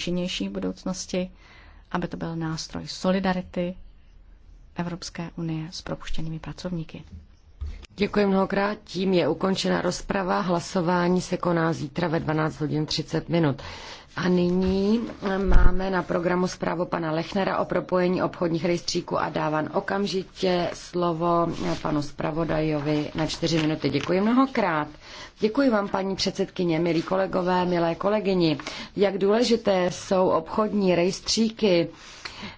činnější v budoucnosti, aby to byl nástroj solidarity Evropské unie s propuštěnými pracovníky. Děkuji mnohokrát. Tím je ukončena rozprava. Hlasování se koná zítra ve 12 hodin 30 minut. A nyní máme na programu zprávu pana Lechnera o propojení obchodních rejstříků a dávám okamžitě slovo panu zpravodajovi na čtyři minuty. Děkuji mnohokrát. Děkuji vám, paní předsedkyně, milí kolegové, milé kolegyni. Jak důležité jsou obchodní rejstříky,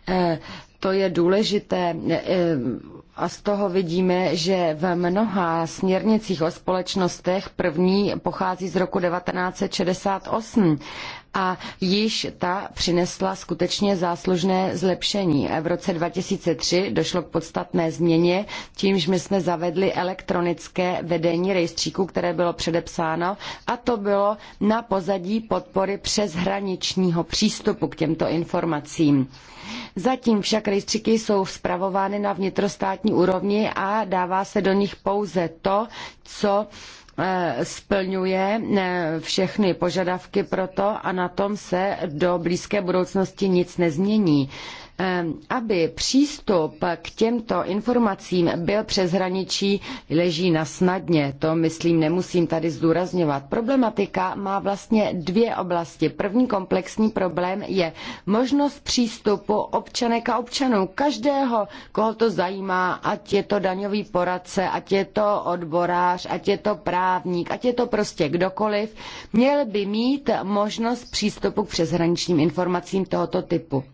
eh, to je důležité eh, a z toho vidíme, že v mnoha směrnicích o společnostech první pochází z roku 1968 a již ta přinesla skutečně záslužné zlepšení. V roce 2003 došlo k podstatné změně, tímž my jsme zavedli elektronické vedení rejstříku, které bylo předepsáno a to bylo na pozadí podpory přeshraničního přístupu k těmto informacím. Zatím však rejstříky jsou spravovány na vnitrostátní státní úrovni a dává se do nich pouze to, co eh, splňuje eh, všechny požadavky pro to a na tom se do blízké budoucnosti nic nezmění. Ehm, aby přístup k těmto informacím byl přes hraničí, leží na snadně. To, myslím, nemusím tady zdůrazňovat. Problematika má vlastně dvě oblasti. První komplexní problém je možnost přístupu občanek a občanů. Každého, koho to zajímá, ať je to daňový poradce, ať je to odborář, ať je to právník, ať je to prostě kdokoliv, měl by mít možnost přístupu k přeshraničním informacím tohoto typu.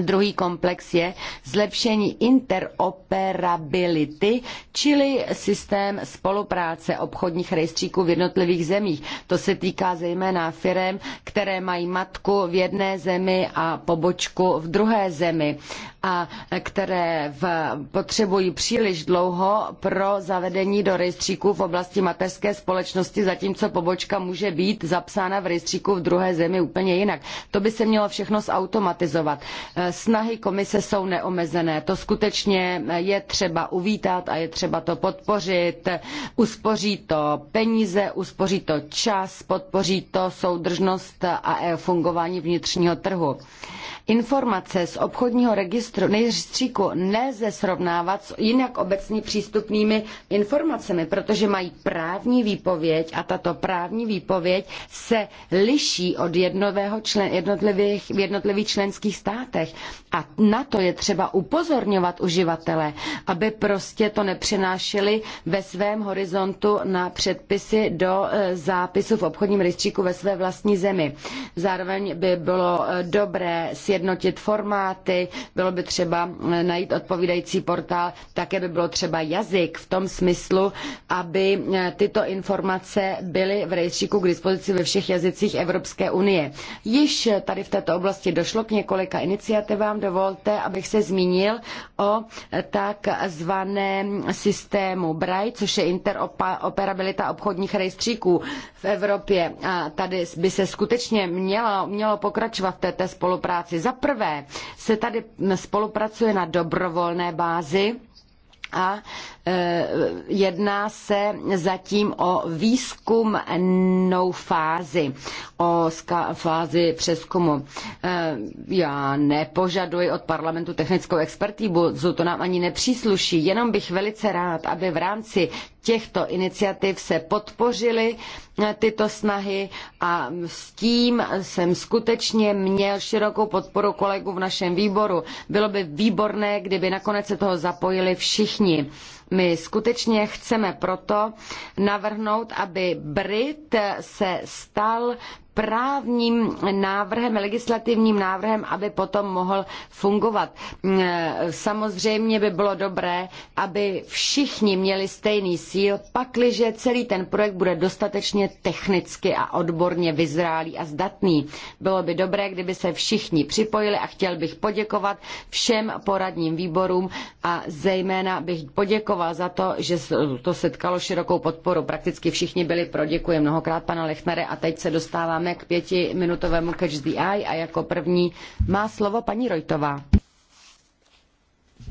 Druhý komplex je zlepšení interoperability, čili systém spolupráce obchodních rejstříků v jednotlivých zemích. To se týká zejména firm, které mají matku v jedné zemi a pobočku v druhé zemi a které v, potřebují příliš dlouho pro zavedení do rejstříku v oblasti mateřské společnosti, zatímco pobočka může být zapsána v rejstříku v druhé zemi úplně jinak. To by se mělo všechno zautomatizovat snahy komise jsou neomezené. To skutečně je třeba uvítat a je třeba to podpořit. Uspoří to peníze, uspoří to čas, podpoří to soudržnost a fungování vnitřního trhu. Informace z obchodního registru, nejstříku nelze srovnávat s jinak obecně přístupnými informacemi, protože mají právní výpověď a tato právní výpověď se liší od jednotlivých, člen, jednotlivých, jednotlivých členských státech. A na to je třeba upozorňovat uživatele, aby prostě to nepřenášeli ve svém horizontu na předpisy do e, zápisu v obchodním rejstříku ve své vlastní zemi. Zároveň by bylo e, dobré sjednotit formáty, bylo by třeba e, najít odpovídající portál, také by bylo třeba jazyk v tom smyslu, aby tyto informace byly v rejstříku k dispozici ve všech jazycích Evropské unie. Již tady v této oblasti došlo k několika iniciativám, vám dovolte, abych se zmínil o tak zvaném systému BRAI, což je interoperabilita obchodních rejstříků v Evropě. A tady by se skutečně mělo, mělo pokračovat v této spolupráci. Za prvé se tady spolupracuje na dobrovolné bázi, a e, jedná se zatím o výzkumnou fázi, o fázi přeskumu. E, já nepožaduji od parlamentu technickou expertízu, to nám ani nepřísluší, jenom bych velice rád, aby v rámci těchto iniciativ se podpořily e, tyto snahy a s tím jsem skutečně měl širokou podporu kolegů v našem výboru. Bylo by výborné, kdyby nakonec se toho zapojili všichni všichni. My skutečně chceme proto navrhnout, aby Brit se stal právním návrhem, legislativním návrhem, aby potom mohl fungovat. Mm, eh, samozřejmě by bylo dobré, aby všichni měli stejný síl, pakliže celý ten projekt bude dostatečně technicky a odborně vyzrálý a zdatný. Bylo by dobré, kdyby se všichni připojili a chtěl bych poděkovat všem poradním výborům a zejména bych poděkoval za to, že to setkalo širokou podporu. Prakticky všichni byli pro. Děkuji mnohokrát, pane Lechnere, a teď se dostáváme dostáváme k pětiminutovému catch the eye a jako první má slovo paní Rojtová.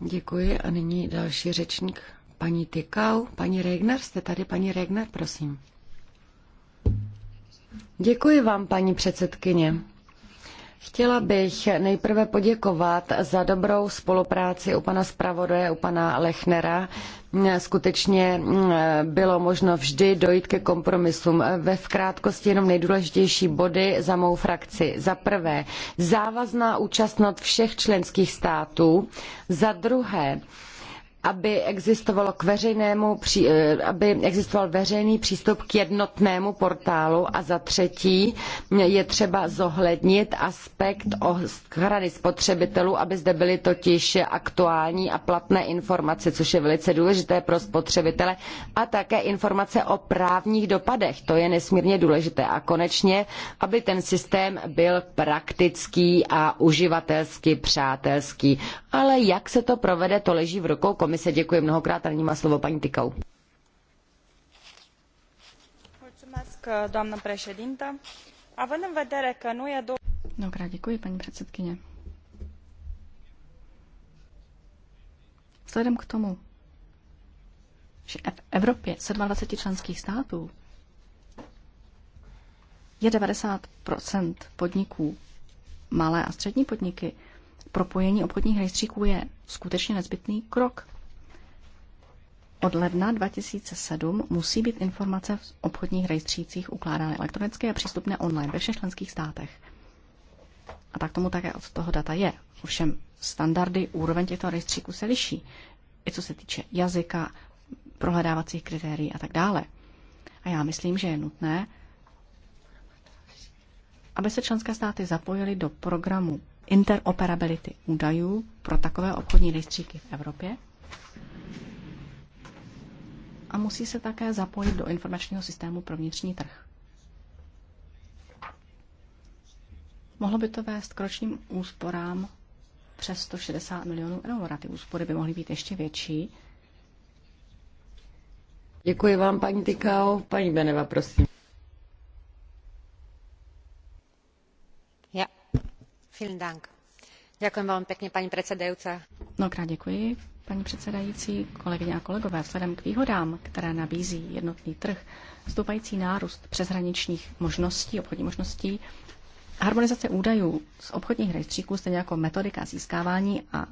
Děkuji a nyní další řečník, paní Tykau. Paní Regner, jste tady, paní Regner, prosím. Děkuji vám, paní předsedkyně. Chtěla bych nejprve poděkovat za dobrou spolupráci u pana zpravodaje, u pana Lechnera. Skutečně eh, bylo možno vždy dojít ke kompromisům. Ve v krátkosti jenom nejdůležitější body za mou frakci. Za prvé, závazná účastnost všech členských států. Za druhé, aby, existovalo k veřejnému, eh, aby existoval veřejný přístup k jednotnému portálu a za třetí je třeba zohlednit aspekt ochrany spotřebitelů, aby zde byly totiž aktuální a platné informace, což je velice důležité pro spotřebitele a také informace o právních dopadech. To je nesmírně důležité. A konečně, aby ten systém byl praktický a uživatelsky přátelský. Ale jak se to provede, to leží v rukou komise komise. Děkuji mnohokrát a nyní má slovo paní Tykau. Mnohokrát e děkuji, paní předsedkyně. Vzhledem k tomu, že v Evropě 27 členských států je 90 podniků, malé a střední podniky, propojení obchodních rejstříků je skutečně nezbytný krok. Od ledna 2007 musí být informace v obchodních rejstřících ukládány elektronicky a přístupné online ve všech členských státech. A tak tomu také od toho data je. Ovšem standardy, úroveň těchto rejstříků se liší, i co se týče jazyka, prohledávacích kritérií a tak dále. A já myslím, že je nutné, aby se členské státy zapojily do programu interoperability údajů pro takové obchodní rejstříky v Evropě, a musí se také zapojit do informačního systému pro vnitřní trh. Mohlo by to vést k ročním úsporám přes 160 milionů eur ty úspory by mohly být ještě větší. Děkuji vám, paní Tykao. Paní Beneva, prosím. Ja. Vielen Dank. Ďakujem veľmi pekne, pani predsedajúca. Mnohokrát děkuji, paní předsedající, kolegyně a kolegové. Vzhledem k výhodám, které nabízí jednotný trh, stoupající nárůst přeshraničních možností, obchodních možností, harmonizace údajů z obchodních rejstříků, stejně jako metodika získávání a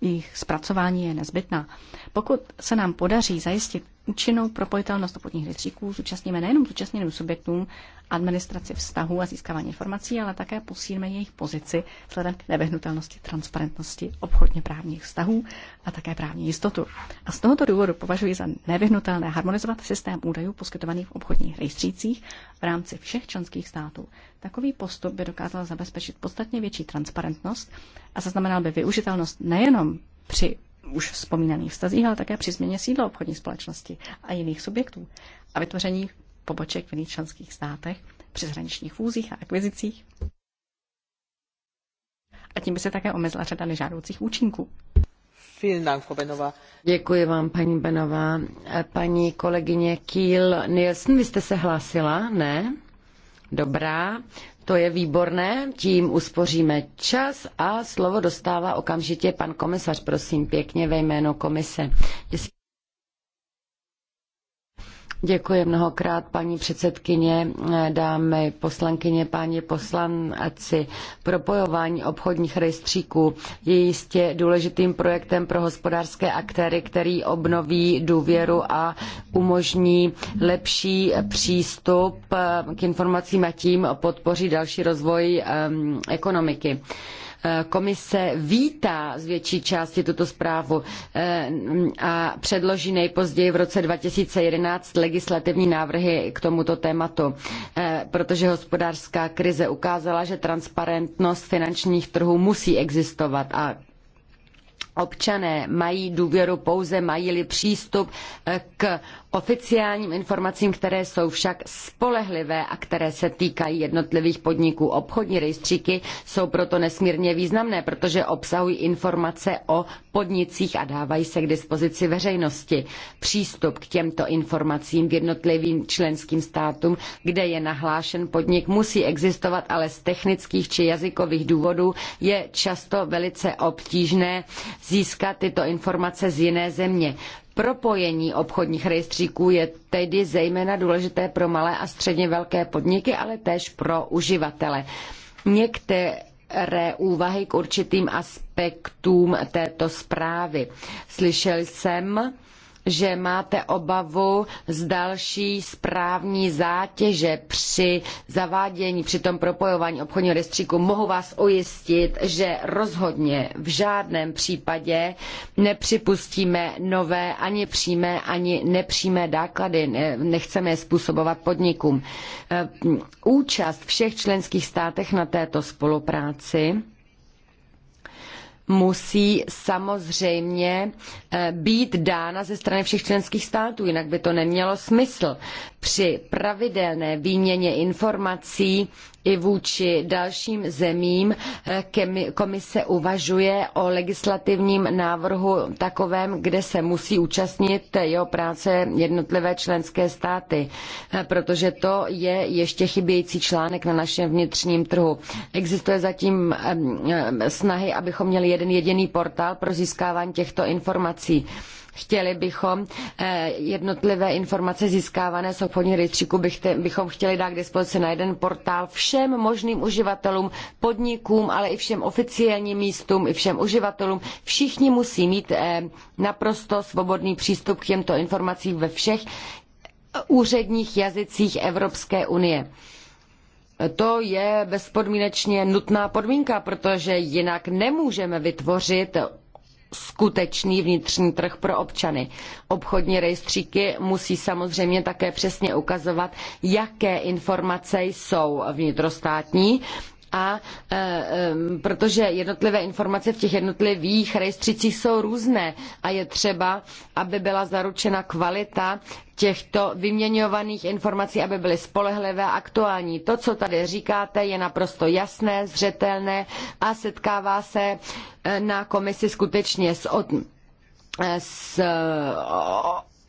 jejich zpracování je nezbytná. Pokud se nám podaří zajistit účinnou propojitelnost obchodních rejstříků zúčastníme nejenom zúčastněným subjektům administraci vztahu a získávání informací, ale také posílíme jejich pozici vzhledem k nevyhnutelnosti transparentnosti obchodně právních vztahů a také právní jistotu. A z tohoto důvodu považuji za nevyhnutelné harmonizovat systém údajů poskytovaných v obchodních rejstřících v rámci všech členských států. Takový postup by dokázal zabezpečit podstatně větší transparentnost a zaznamenal by využitelnost nejenom při už vzpomínaných vztazích, ale také při změně sídla obchodní společnosti a jiných subjektů a vytvoření poboček v jiných členských státech, při zhraničních fúzích a akvizicích. A tím by se také omezila řada nežádoucích účinků. Děkuji vám, paní Benová. Eh, paní kolegyně Kiel Nielsen, vy jste se hlásila, ne? Dobrá, to je výborné, tím uspoříme čas a slovo dostává okamžitě pan komisař, prosím, pěkně ve jméno komise. Jestli... Děkuji mnohokrát, paní předsedkyně, dámy poslankyně, páni poslanci. Propojování obchodních rejstříků je jistě důležitým projektem pro hospodářské aktéry, který obnoví důvěru a umožní lepší přístup k informacím a tím podpoří další rozvoj ekonomiky. Komise vítá z větší části tuto zprávu eh, a předloží nejpozději v roce 2011 legislativní návrhy k tomuto tématu, eh, protože hospodářská krize ukázala, že transparentnost finančních trhů musí existovat a občané mají důvěru pouze, mají-li přístup eh, k oficiálním informacím, které jsou však spolehlivé a které se týkají jednotlivých podniků. Obchodní rejstříky jsou proto nesmírně významné, protože obsahují informace o podnicích a dávají se k dispozici veřejnosti. Přístup k těmto informacím v jednotlivým členským státům, kde je nahlášen podnik, musí existovat, ale z technických či jazykových důvodů je často velice obtížné získat tyto informace z jiné země. Propojení obchodních rejstříků je tedy zejména důležité pro malé a středně velké podniky, ale též pro uživatele. Některé úvahy k určitým aspektům této zprávy. Slyšel jsem, že máte obavu z další správní zátěže při zavádění, při tom propojování obchodního rejstříku. Mohu vás ujistit, že rozhodně v žádném případě nepřipustíme nové ani přímé, ani nepřímé náklady. Nechceme je způsobovat podnikům. E, účast všech členských státech na této spolupráci musí samozřejmě eh, být dána ze strany všech členských států, jinak by to nemělo smysl při pravidelné výměně informací i vůči dalším zemím eh, komise uvažuje o legislativním návrhu takovém, kde se musí účastnit jeho práce jednotlivé členské státy, eh, protože to je ještě chybějící článek na našem vnitřním trhu. Existuje zatím eh, snahy, abychom měli jeden jediný portál pro získávání těchto informací Chtěli bychom eh, jednotlivé informace získávané z obchodních rejstříků bychom chtěli dát k dispozici na jeden portál všem možným uživatelům, podnikům, ale i všem oficiálním místům, i všem uživatelům. Všichni musí mít eh, naprosto svobodný přístup k těmto informacím ve všech eh, úředních jazycích Evropské unie. To je bezpodmínečně nutná podmínka, protože jinak nemůžeme vytvořit skutečný vnitřní trh pro občany. Obchodní rejstříky musí samozřejmě také přesně ukazovat, jaké informace jsou vnitrostátní a e, e, protože jednotlivé informace v těch jednotlivých rejstřících jsou různé a je třeba, aby byla zaručena kvalita těchto vyměňovaných informací, aby byly spolehlivé a aktuální. To, co tady říkáte, je naprosto jasné, zřetelné a setkává se e, na komisi skutečně s, od, s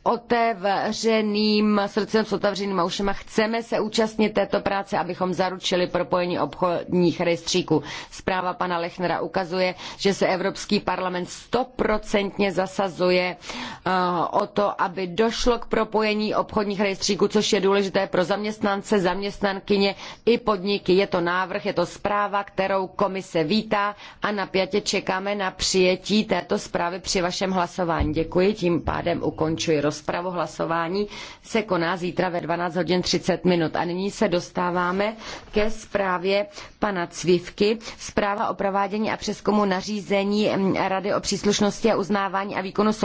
otevřeným srdcem, s otevřenýma ušima. Chceme se účastnit této práce, abychom zaručili propojení obchodních rejstříků. Zpráva pana Lechnera ukazuje, že se Evropský parlament stoprocentně zasazuje eh, o to, aby došlo k propojení obchodních rejstříků, což je důležité pro zaměstnance, zaměstnankyně i podniky. Je to návrh, je to zpráva, kterou komise vítá a napjatě čekáme na přijetí této zprávy při vašem hlasování. Děkuji, tím pádem ukončuji roz rozpravu hlasování se koná zítra ve 12 hodin 30 minut. A nyní se dostáváme ke zprávě pana Cvivky. Zpráva o provádění a přeskumu nařízení Rady o příslušnosti a uznávání a výkonu